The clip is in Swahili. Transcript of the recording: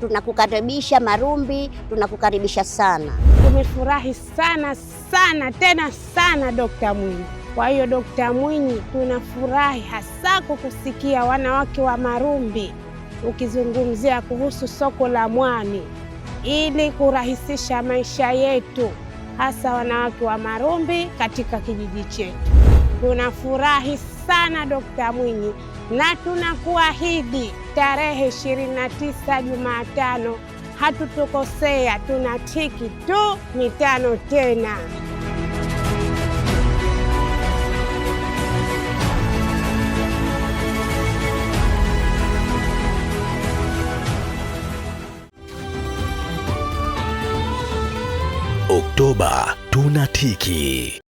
tunakukaribisha Marumbi, tunakukaribisha sana. Tumefurahi sana sana tena sana Dokta Mwinyi. Kwa hiyo Dokta Mwinyi, tunafurahi hasa kukusikia wanawake wa Marumbi ukizungumzia kuhusu soko la mwani ili kurahisisha maisha yetu hasa wanawake wa Marumbi katika kijiji chetu. Tunafurahi sana Dokta Mwinyi na tunakuahidi tarehe 29 Jumatano, hatutukosea, tuna tiki tu mitano tena. Oktoba tunatiki.